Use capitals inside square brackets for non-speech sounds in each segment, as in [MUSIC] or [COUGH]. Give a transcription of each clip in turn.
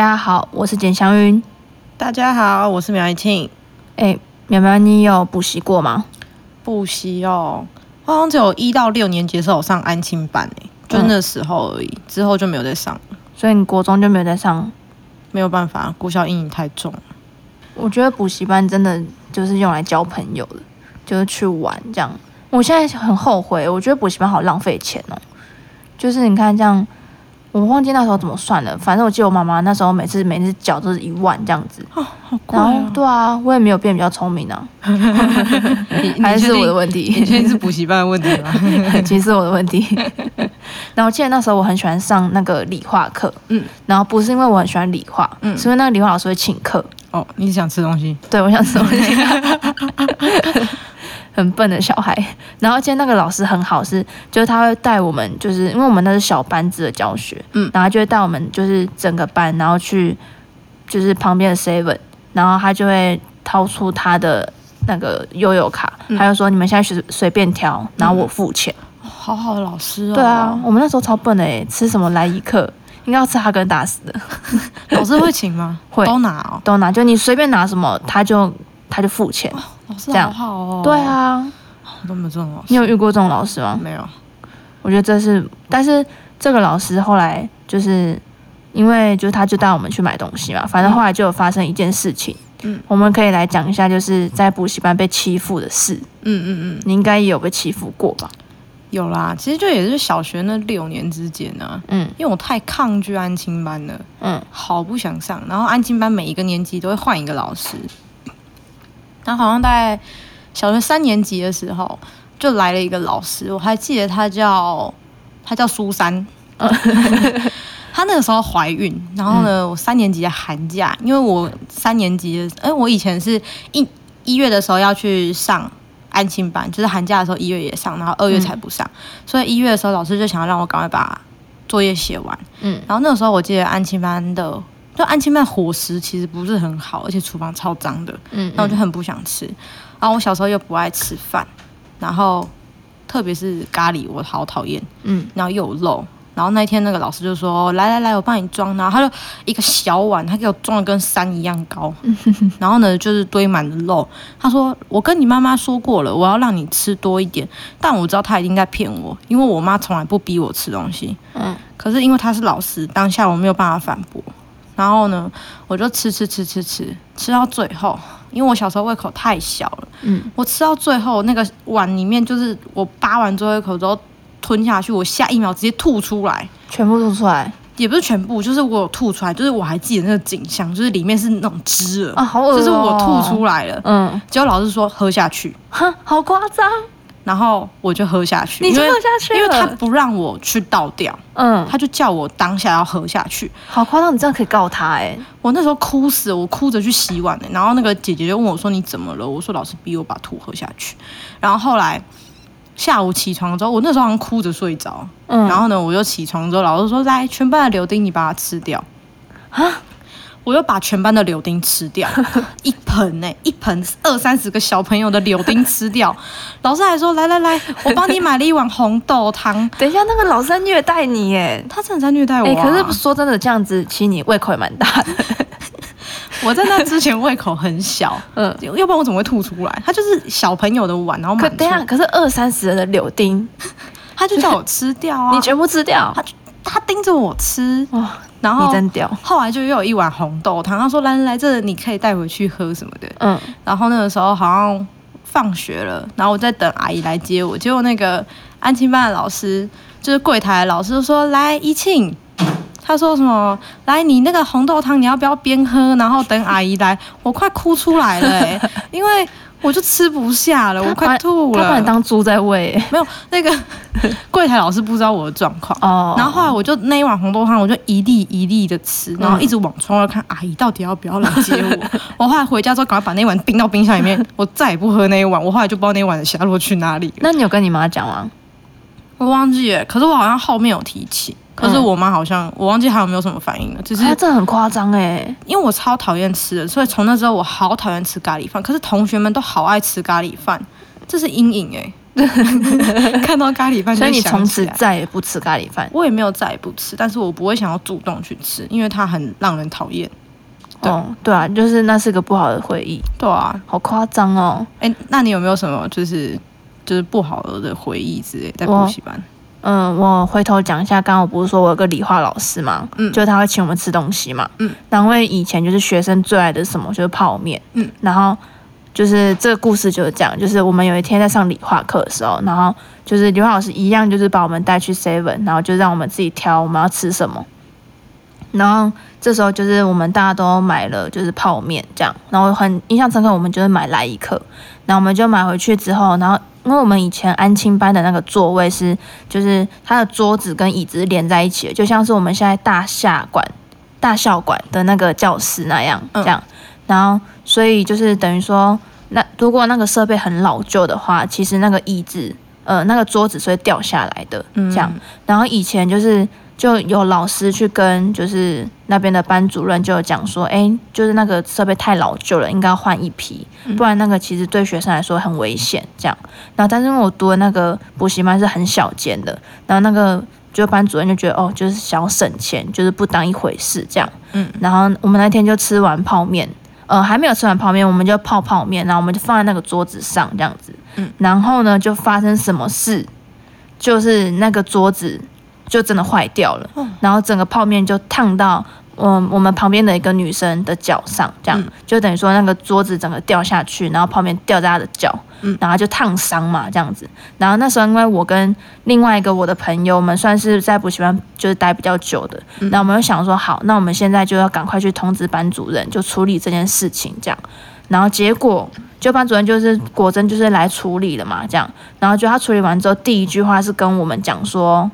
大家好，我是簡祥雲。大家好，我是苗一慶。哎、欸，苗苗，你有補習過嗎？補習哦，我好像只有一到六年級的時候我上安親班，哎，就那時候而已，嗯、之後就沒有再上了。所以你國中就沒有再上？沒有辦法、啊，國小陰影太重。我覺得補習班真的就是用來交朋友的，就是去玩這樣。我現在很後悔，我覺得補習班好浪費錢哦、喔。就是你看這樣。我忘記那時候怎麼算了，反正我記得我媽媽那時候每次每次繳都是一萬這樣子，哦，好啊，然後對啊，我也沒有變比較聰明啊， [LAUGHS] 你還是我的問題，以前是補習班的問題吧， [LAUGHS] 其實是我的問題。然後我記得那時候我很喜歡上那個理化課，嗯，然後不是因為我很喜歡理化，嗯，是因為那個理化老師會請客，哦，你想吃東西，對，我想吃東西。 [LAUGHS] 很笨的小孩，然後今天那個老師很好是，是就是他會帶我們，就是因為我們那是小班制的教學，嗯、然後他就會帶我們就是整個班，然後去就是旁邊的 seven，然後他就會掏出他的那個悠遊卡，嗯、他就說，你們現在隨隨，隨便挑，然後我付錢。好好的老師哦。對啊，我們那時候超笨的哎，吃什麼來一客，應該要吃哈根達斯的， [LAUGHS] 老師會請嗎？會。都拿哦，都拿，就你隨便拿什麼，他就他就付錢。老師好，好哦，對啊，這麼重哦，你有遇過這種老師嗎？沒有，我覺得這是，但是這個老師後來就是因為，就他就帶我們去買東西嘛，反正後來就有發生一件事情，嗯，我們可以來講一下，就是在補習班被欺負的事，嗯嗯嗯，你應該也有被欺負過吧？有啦，其實就也是小學那六年之間呢、啊，嗯，因為我太抗拒安親班了，嗯，好不想上，然後安親班每一個年級都會換一個老師。然後好像大概小學三年級的時候，就來了一個老師，我還記得他叫他叫蘇珊，哦、 [LAUGHS] [LAUGHS] 他那個時候懷孕。然後呢，我三年級的寒假，因為我三年級的，哎，我以前是一一月的時候要去上安親班，就是寒假的時候一月也上，然後二月才不上。嗯、所以一月的時候，老師就想要讓我趕快把作業寫完。嗯，然後那個時候我記得安親班的。就安親班伙食其實不是很好，而且廚房超髒的，嗯,嗯，那我就很不想吃。然後我小時候又不愛吃飯，然後特別是咖喱，我好討厭，嗯，然後又有肉。然後那天那個老師就說：“來來來，我幫你裝。”然後他就一個小碗，他給我裝得跟山一樣高， [LAUGHS] 然後呢就是堆滿了肉。他說：“我跟你媽媽說過了，我要讓你吃多一點。”但我知道他一定在騙我，因為我媽從來不逼我吃東西，嗯。可是因為他是老師，當下我沒有辦法反駁。然後呢，我就吃吃吃吃吃吃到最後，因為我小時候胃口太小了，嗯，我吃到最後那個碗裡面就是我扒完最後一口之後吞下去，我下一秒直接吐出來，全部吐出來，也不是全部，就是我有吐出來，就是我還記得那個景象，就是裡面是那種汁了，啊，好噁心，就是我吐出來了，嗯，結果老師說喝下去，哼，好誇張。然後我就喝下去，你喝下去因為,因為他不讓我去倒掉，嗯，他就叫我當下要喝下去，好誇張，你這樣可以告他哎、欸！我那時候哭死，我哭着去洗碗、欸、然後那個姐姐就問我說你怎麼了？我說老師逼我把吐喝下去，然後後來下午起床之後，我那時候好像哭着睡着，嗯，然後呢我就起床之後，老師說來全班的柳丁你把它吃掉，啊？我又把全班的柳丁吃掉 [LAUGHS] 一盆哎、欸，一盆二三十個小朋友的柳丁吃掉， [LAUGHS] 老師還說來來來，我幫你買了一碗紅豆湯。等一下，那個老師在虐待你哎，他真的在虐待我、啊欸。可是說真的，這樣子其實你胃口也蠻大的。 [LAUGHS] 我在那之前胃口很小， [LAUGHS] 呃、要不然我怎麼會吐出來？他就是小朋友的碗，然後滿。可等一下，可是二三十人的柳丁， [LAUGHS] 他就叫我吃掉啊，你全部吃掉，他他盯着我吃、哦然後你真後來就又有一碗紅豆湯，他說來來，這個、你可以帶回去喝什麼的。嗯、然後那個時候好像放學了，然後我在等阿姨來接我，結果那個安親班的老師，就是櫃台的老師就說，來，怡慶，他說什麼來你那個紅豆湯你要不要邊喝，然後等阿姨來， [LAUGHS] 我快哭出來了、欸，因為。我就吃不下了，我快吐了。他把你當豬在餵、欸，沒有那個櫃檯老師不知道我的狀況。哦，oh. 然後，後來我就那一碗紅豆湯，我就一粒一粒的吃，然後一直往窗外看，阿姨、嗯啊、到底要不要來接我？ [LAUGHS] 我後來回家之後，趕快把那碗冰到冰箱裡面，我再也不喝那一碗。我後來就不知道那碗的下落去哪裡。那你有跟你媽講嗎？我忘記了，可是我好像後面有提起。可是我媽好像、嗯、我忘記還有沒有什麼反應了，就是她，這很誇張哎，因為我超討厭吃的，所以從那時候我好討厭吃咖喱飯。可是同學們都好愛吃咖喱飯，這是陰影哎、欸， [LAUGHS] [LAUGHS] 看到咖喱飯。所以你從此再也不吃咖喱飯？我也沒有再也不吃，但是我不會想要主動去吃，因為它很讓人討厭。對、哦，對啊，就是那是個不好的回憶。對啊，好誇張哦，哎、欸，那你有沒有什麼就是就是不好，好的回憶之類的在補習班？嗯，我回頭講一下，剛剛我不是說我有個理化老師嘛，嗯，就他會請我們吃東西嘛。嗯，然後因為以前就是學生最愛的什麼就是泡麵。嗯，然後就是這個故事就是這樣，就是我們有一天在上理化課的時候，然後就是劉老師一樣就是把我們帶去 seven，然後就讓我們自己挑我們要吃什麼。然後這時候就是我們大家都買了，就是泡麵這樣。然後很印象深刻，我們就是買來一顆。然後我們就買回去之後，然後因為我們以前安親班的那個座位是，就是它的桌子跟椅子連在一起的，就像是我們現在大夏館、大孝館的那個教室那樣。這樣，嗯、然後所以就是等於說，那如果那個設備很老舊的話，其實那個椅子，呃，那個桌子是會掉下來的。嗯、這樣，然後以前就是。就有老師去跟就是那邊的班主任就有講說，哎、欸，就是那個設備太老舊了，應該換一批，不然那個其實對學生來說很危險。這樣，然後但是因為我讀的那個補習班是很小間的，然後那個就班主任就覺得哦，就是想要省錢，就是不當一回事這樣。嗯，然後我們那天就吃完泡麵，呃，還沒有吃完泡麵，我們就泡泡麵，然後我們就放在那個桌子上這樣子。嗯，然後呢，就發生什麼事，就是那個桌子。就真的壞掉了，然後整個泡麵就燙到我、嗯、我們旁邊的一個女生的腳上，這樣、嗯、就等於說那個桌子整個掉下去，然後泡麵掉在她的腳，嗯、然後就燙傷嘛，這樣子。然後那時候因為我跟另外一個我的朋友我們算是在補習班就是待比較久的，那、嗯、我們就想說，好，那我們現在就要趕快去通知班主任，就處理這件事情這樣。然後結果就班主任就是果真就是來處理了嘛，這樣。然後就他處理完之後，第一句話是跟我們講說。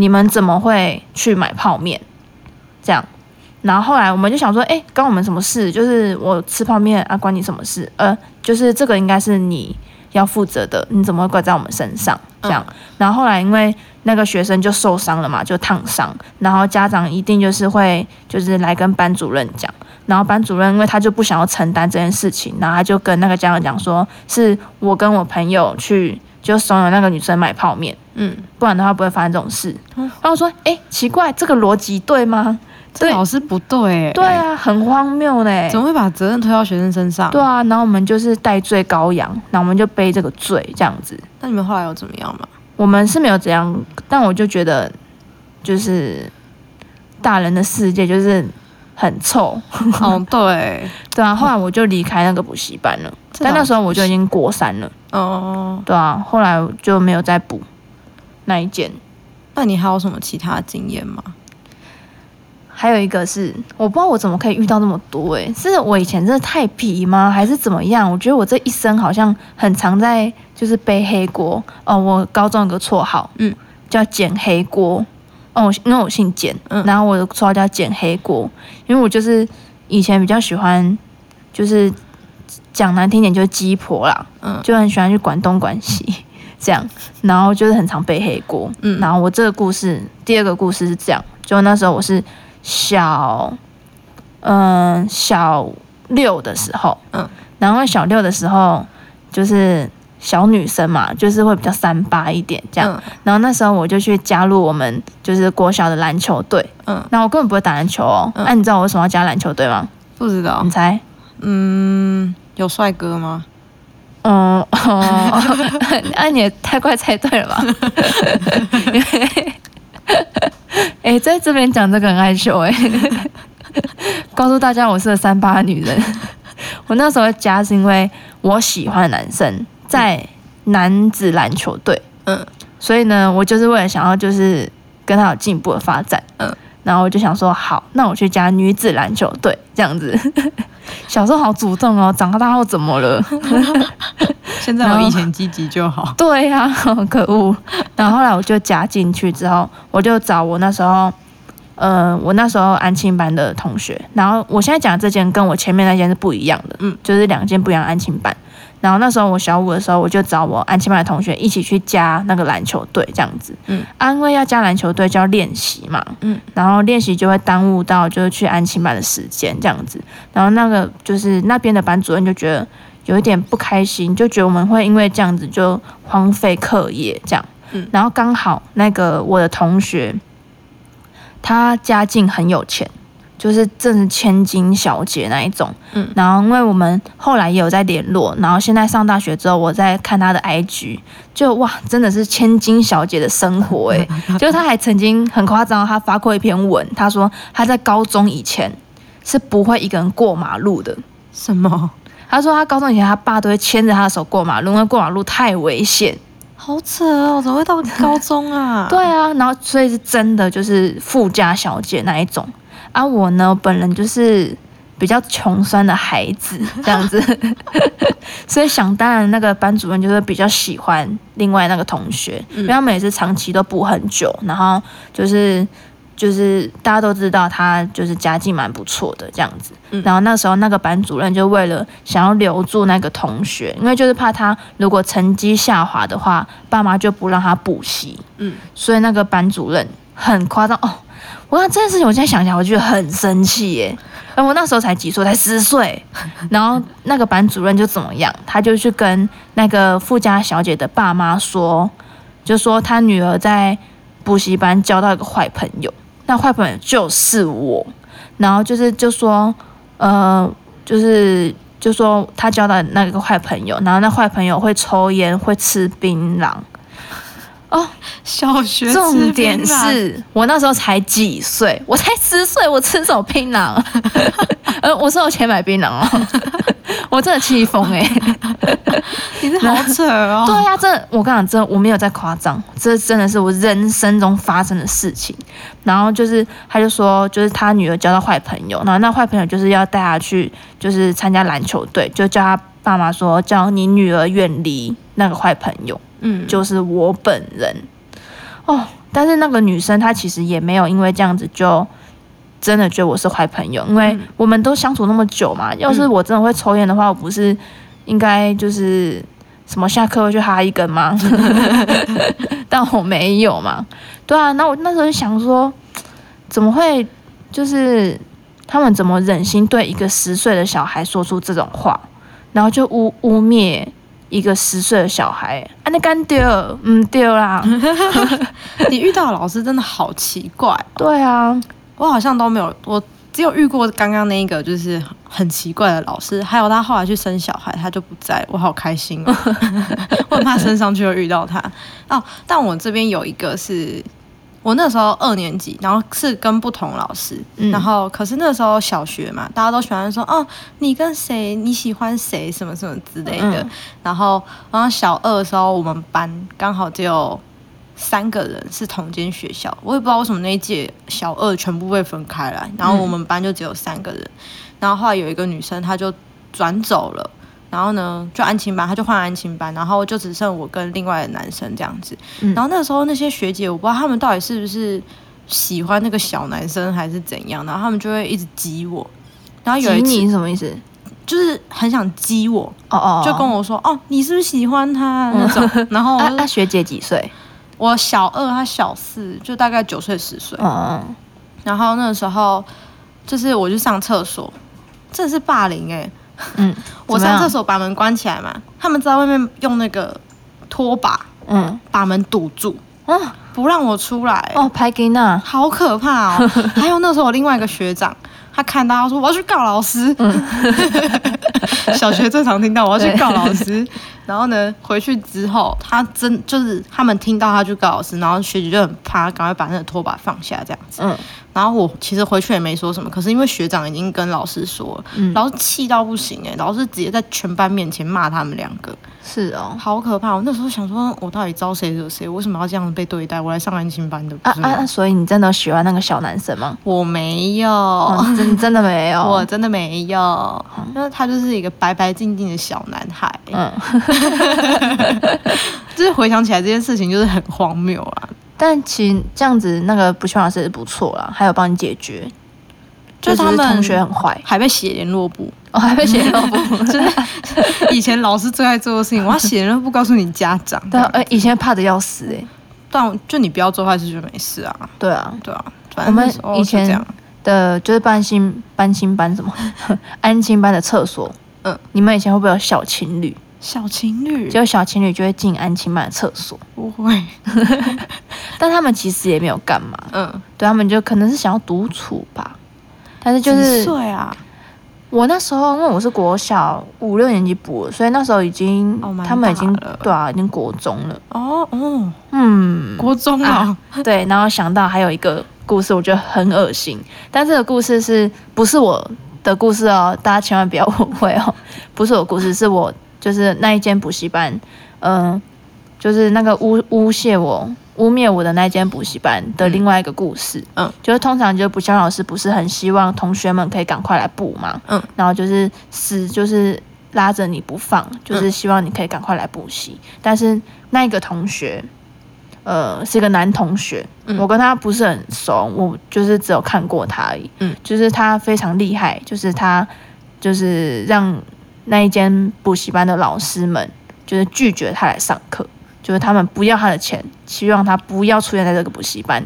你們怎麼會去買泡面？這樣，然後後來我們就想說，哎，關我們什麼事？就是我吃泡面啊，關你什麼事？呃，就是這個應該是你要負責的，你怎麼會怪在我們身上？這樣，嗯，然後後來因為那個學生就受傷了嘛，就燙傷，然後家長一定就是會就是來跟班主任講，然後班主任因為他就不想要承擔這件事情，然後他就跟那個家長講說，是我跟我朋友去。就慫恿那個女生買泡麵，嗯，不然的話不會發生這種事。然後說，哎、欸，奇怪，這個邏輯對嗎？嗯、對，這老師不對、欸，對啊，很荒謬呢、欸。怎麼會把責任推到學生身上？對啊，然後我們就是代罪羔羊，那我們就背這個罪，這樣子。那你們後來有怎麼樣嗎？我們是沒有怎樣，但我就覺得，就是大人的世界就是很臭， [LAUGHS] 好，對、欸，對啊，後來我就離開那個補習班了，嗯、但那時候我就已經國三了。哦，oh, 對啊，後來就沒有再補那一件。那你還有什麼其他經驗嗎？還有一個是，我不知道我怎麼可以遇到那麼多，誒，是我以前真的太皮嗎？還是怎麼樣？我覺得我這一生好像很常在就是背黑鍋。哦，我高中有個綽號，嗯，叫撿黑鍋。哦，因為我姓簡，嗯，然後我的綽號叫撿黑鍋，因為我就是以前比較喜歡，就是。講難聽點就是雞婆啦，嗯，就很喜歡去管東管西，這樣，然後就是很常背黑鍋，嗯，然後我這個故事，第二個故事是這樣，就那時候我是小，嗯、呃，小六的時候，嗯，然後小六的時候就是小女生嘛，就是會比較三八一點這樣，嗯、然後那時候我就去加入我們就是國小的籃球隊，嗯，那我根本不會打籃球哦，那、嗯啊、你知道我為什麼要加籃球隊嗎？不知道，你猜。嗯，有帥哥嗎？嗯，哦，哎，哦，啊、你也太快猜對了吧？哎、 [LAUGHS] 欸，在這邊講這個很害羞哎，欸， [LAUGHS] 告訴大家我是個三八女人。 [LAUGHS] 我那時候加是因為我喜歡男生，在男子籃球隊，嗯，所以呢，我就是為了想要就是跟他有進一步的發展，嗯。然後我就想說，好，那我去加女子籃球隊這樣子。小時候好主動哦，長大後怎麼了？現在我以前積極就好。對呀、啊，好可惡。然後後來我就加進去之後，我就找我那時候，呃，我那時候安親班的同學。然後我現在講的這間跟我前面那間是不一樣的，嗯，就是兩間不一樣的安親班。然後那時候我小五的時候，我就找我安親班的同學一起去加那個籃球隊，這樣子。嗯。因為要加籃球隊就要練習嘛。嗯。然後練習就會耽誤到就是去安親班的時間，這樣子。然後那個就是那邊的班主任就覺得有一點不開心，就覺得我們會因為這樣子就荒廢課業這樣。嗯。然後剛好那個我的同學，他家境很有錢。就是正是千金小姐那一種，嗯，然後因為我們後來也有在聯絡，然後現在上大學之後，我在看她的 IG，就哇，真的是千金小姐的生活欸， [LAUGHS] 就是她還曾經很誇張，她發過一篇文，她說她在高中以前是不會一個人過馬路的，什麼？她說她高中以前她爸都會牽着他的手過馬路，因為過馬路太危險，好扯哦，怎麼會到高中啊？ [LAUGHS] 對啊，然後所以是真的就是富家小姐那一種。啊，我呢，我本人就是比較窮酸的孩子這樣子， [LAUGHS] 所以想當然那個班主任就是比較喜歡另外那個同學，嗯、因為他們也是長期都補很久，然後就是就是大家都知道他就是家境蠻不錯的這樣子，嗯、然後那個時候那個班主任就為了想要留住那個同學，因為就是怕他如果成績下滑的話，爸媽就不讓他補習，嗯，所以那個班主任很誇張哦。我那，這件事情，我現在想起來，我就很生氣耶！而，我那時候才幾歲，才十歲，然後那個班主任就怎麼樣？他就去跟那個富家小姐的爸媽說，就說他女兒在補習班交到一個壞朋友，那壞朋友就是我，然後就是就說，呃，就是就說他交到那個壞朋友，然後那壞朋友會抽煙，會吃檳榔。哦，oh，小學，重點是我那時候才幾歲，我才十歲，我吃什麼檳榔，呃、 [LAUGHS] [LAUGHS] 喔，我說我錢買檳榔哦，我真的氣瘋哎， [LAUGHS] 你這好，好扯哦，對呀、啊，真的，我跟你講真的，我沒有在誇張，這真的是我人生中發生的事情。然後就是，他就說，就是他女兒交到壞朋友，然後那壞朋友就是要帶她去，就是參加籃球隊，就叫他爸媽說，叫你女兒遠離那個壞朋友。嗯，就是我本人，哦，但是那個女生她其實也沒有因為這樣子就真的覺得我是壞朋友，因為我們都相處那麼久嘛。嗯，要是我真的會抽菸的話，我不是應該就是什麼下課會去哈一根嗎？但我沒有嘛。對啊，那我那時候就想說，怎麼會就是他們怎麼忍心對一個十歲的小孩說出這種話，然後就污污衊。一個十歲的小孩，啊，那幹掉，嗯，不對啦。 [LAUGHS] [LAUGHS] 你遇到的老師真的好奇怪哦。對啊，我好像都沒有，我只有遇過剛剛那個，就是很奇怪的老師。還有他後來去生小孩，他就不在，我好開心哦。 [LAUGHS] 我很怕升上去又遇到他哦。但我這邊有一個是。我那時候二年級，然後是跟不同老師，嗯、然後可是那時候小學嘛，大家都喜歡說哦，你跟誰，你喜歡誰，什麼什麼之類的。然後、嗯嗯、然後小二的時候，我們班剛好只有三個人是同間學校，我也不知道為什麼那一屆小二全部被分開來，然後我們班就只有三個人，嗯、然後後來有一個女生她就轉走了。然後呢，就安親班，他就換安親班，然後就只剩我跟另外的男生這樣子。嗯、然後那時候那些學姐，我不知道他們到底是不是喜歡那個小男生還是怎樣，然後他們就會一直激我。然後有一次，激你什麼意思？就是很想激我，哦哦，就跟我說，哦，你是不是喜歡他、嗯、那種？然後，他、 [LAUGHS] 啊啊、學姐幾歲？我小二，他小四，就大概九歲十歲。歲哦、然後那時候，就是我去上廁所，這是霸凌誒、欸嗯，我上廁所把門關起來嘛，他們在外面用那個拖把，嗯，把門堵住，啊、嗯，不讓我出來哦。拍給那好可怕哦。 [LAUGHS] 還有那時候我另外一個學長，他看到他說我要去告老師，嗯、 [LAUGHS] 小學正常聽到我要去告老師。對然後呢，回去之後他真就是他們聽到他去告老師，然後學姐就很怕，趕快把那個拖把放下這樣子。嗯。然後我其實回去也沒說什麼，可是因為學長已經跟老師說了，老師、嗯、氣到不行哎、欸，老師直接在全班面前罵他們兩個。是哦，好可怕！我那時候想說，我到底招誰惹誰，為什麼要這樣被對待？我來上安親班的不啊啊！所以你真的喜歡那個小男生嗎？我沒有，啊、真的真的沒有，我真的沒有。那、嗯、他就是一個白白淨淨的小男孩、欸。嗯， [LAUGHS] [LAUGHS] 就是回想起來這件事情，就是很荒謬啊。.但其實這樣子那個補習老師是不錯啦，還有幫你解決，就是他們同學很壞、哦，還被寫聯絡簿，還被寫聯絡簿，就是以前老師最愛做的事情，我要寫聯絡簿告訴你家長。但對、啊呃，以前怕的要死誒、欸。但就你不要做壞事就沒事啊。對啊，對啊，對啊。我們以前的就是搬新搬新搬什麼？安親班的廁所。嗯，你們以前會不會有小情侶？小情侶，只有小情侶就會進安親班的廁所，不會。 [LAUGHS] 但他們其實也沒有幹嘛，嗯，對他們就可能是想要獨處吧。但是就是，啊，我那時候因為我是國小五六年級補，所以那時候已經，oh, 他們已經了對啊，已經國中了。哦哦，嗯，嗯國中啊，啊，對。然後想到還有一個故事，我覺得很噁心，但這個故事是不是我的故事哦？大家千萬不要誤會哦，不是我的故事，是我。就是那一間補習班，嗯、呃，就是那個誣誣陷我、污蔑我的那一間補習班的另外一個故事。嗯，嗯就是通常就補習老師不是很希望同學們可以趕快來補嘛。嗯，然後就是死就是拉着你不放，就是希望你可以趕快來補習。嗯、但是那個同學，呃，是一個男同學，嗯、我跟他不是很熟，我就是只有看過他而已。嗯，就是他非常厲害，就是他就是讓。那一間補習班的老師們就是拒絕他來上課，就是他們不要他的錢，希望他不要出現在這個補習班。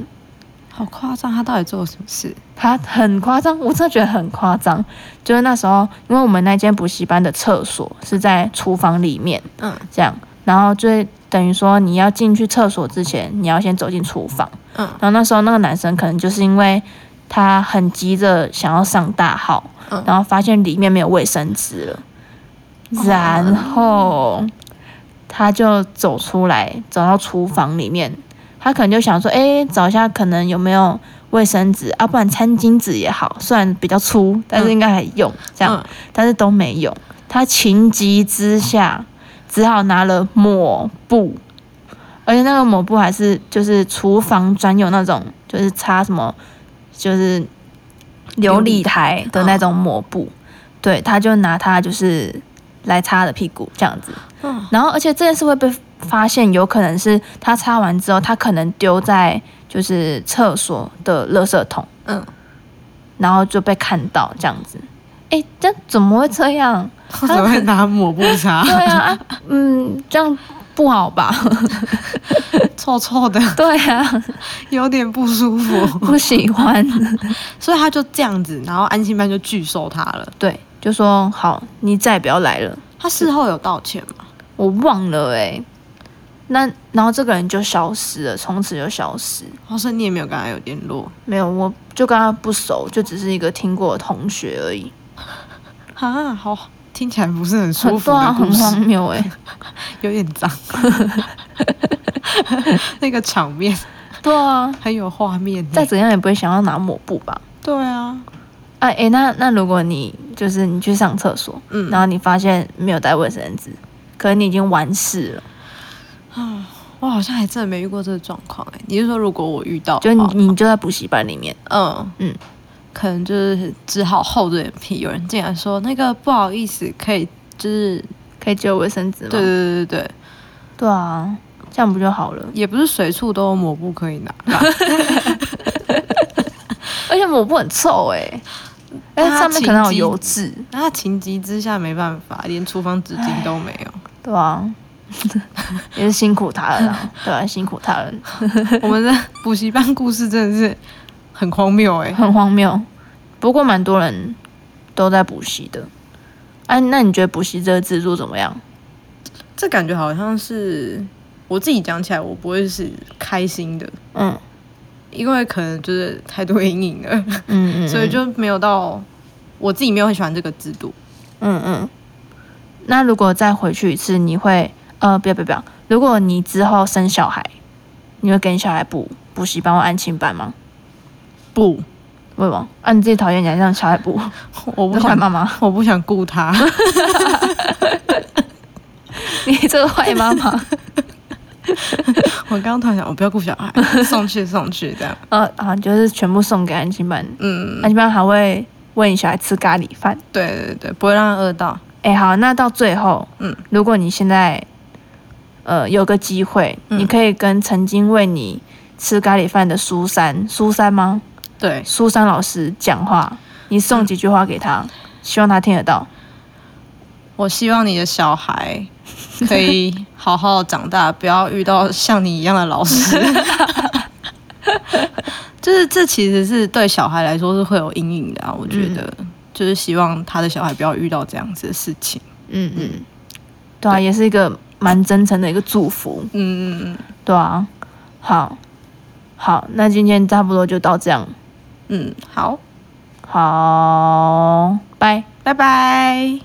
好誇張！他到底做了什麼事？他很誇張，我真的覺得很誇張。就是那時候，因為我們那間補習班的廁所是在廚房裡面，嗯，這樣，然後就等於說你要進去廁所之前，你要先走進廚房，嗯，然後那時候那個男生可能就是因為他很急着想要上大號，嗯，然後發現裡面沒有衛生紙了。然後，他就走出來，走到廚房裡面，他可能就想說：“哎，找一下，可能有沒有衛生紙啊？不然餐巾紙也好，雖然比較粗，但是應該還用。這樣，但是都沒有。他情急之下，只好拿了抹布，而且那個抹布還是就是廚房專用那種，就是擦什麼，就是，流理台的那種抹布。對，他就拿它，就是。來擦他的屁股這樣子，然後而且這件事會被發現，有可能是他擦完之後，他可能丟在就是廁所的垃圾桶，嗯、然後就被看到這樣子。哎、欸，這怎麼會這樣？他怎麼會拿抹布擦？啊？對啊，啊，嗯，這樣不好吧？臭臭的，對啊，有點不舒服，不喜歡，所以他就這樣子，然後安心班就拒收他了，對。就說好，你再也不要來了。他事後有道歉嗎？我忘了哎、欸。那然後這個人就消失了，從此就消失。好像、哦、你也沒有跟他有聯絡，沒有，我就跟他不熟，就只是一個聽過的同學而已。啊，好，聽起來不是很舒服的故事，很荒謬哎，有點髒。那個場面，對啊，很有畫場面、啊。再、 [LAUGHS] 欸、怎樣也不會想要拿抹布吧？對啊。哎哎、啊，欸，那那如果你就是你去上廁所，嗯、然後你發現沒有帶衛生紙，可能你已經完事了。啊，我好像還真的沒遇過這個狀況哎、欸。你是說如果我遇到，就你，你就在補習班裡面，嗯嗯，可能就是只好厚着臉皮，有人進來說那個不好意思，可以就是可以借我衛生紙嗎？對對對對對，對啊，這樣不就好了？也不是隨處都有抹布可以拿， [LAUGHS] [LAUGHS] 而且抹布很臭哎、欸。但是上面可能有油漬，情他情急之下沒辦法，連廚房紙巾都沒有。對啊， [LAUGHS] 也是辛苦他了。對啊，辛苦他了。我們的補習班故事真的是很荒謬誒、欸，很荒謬。不過蠻多人都在補習的。哎、啊，那你覺得補習這個制度怎麼樣？這感覺好像是我自己講起來，我不會是開心的。嗯。因為可能就是太多陰影了，嗯嗯，所以就沒有到我自己沒有很喜歡這個制度，嗯嗯。那如果再回去一次，你會呃，不要不要不要！如果你之後生小孩，你會給小孩補補習班或安親班嗎？不，為什麼？啊，你自己討厭，你還讓小孩補？我不想媽媽，媽媽我不想顧他。 [LAUGHS] 你這個壞媽媽。 [LAUGHS] 我剛剛突然想，我不要顧小孩，送去送去這樣。 [LAUGHS] 呃好像就是全部送給安親班。嗯，安親班還會餵小孩吃咖喱飯。對對對，不會讓他餓到。哎、欸，好，那到最後，嗯，如果你現在，呃，有個機會，嗯、你可以跟曾經餵你吃咖喱飯的蘇珊，蘇珊嗎？對，蘇珊老師講話，你送幾句話給他，嗯、希望他聽得到。我希望你的小孩可以好好長大， [LAUGHS] 不要遇到像你一樣的老師。 [LAUGHS] 就是這其實是對小孩來說是會有陰影的啊，我覺得。嗯、就是希望他的小孩不要遇到這樣子的事情。嗯嗯。對啊，對也是一個蠻真誠的一個祝福。嗯嗯嗯。對啊。好。好，那今天差不多就到這樣。嗯，好。好。拜拜拜。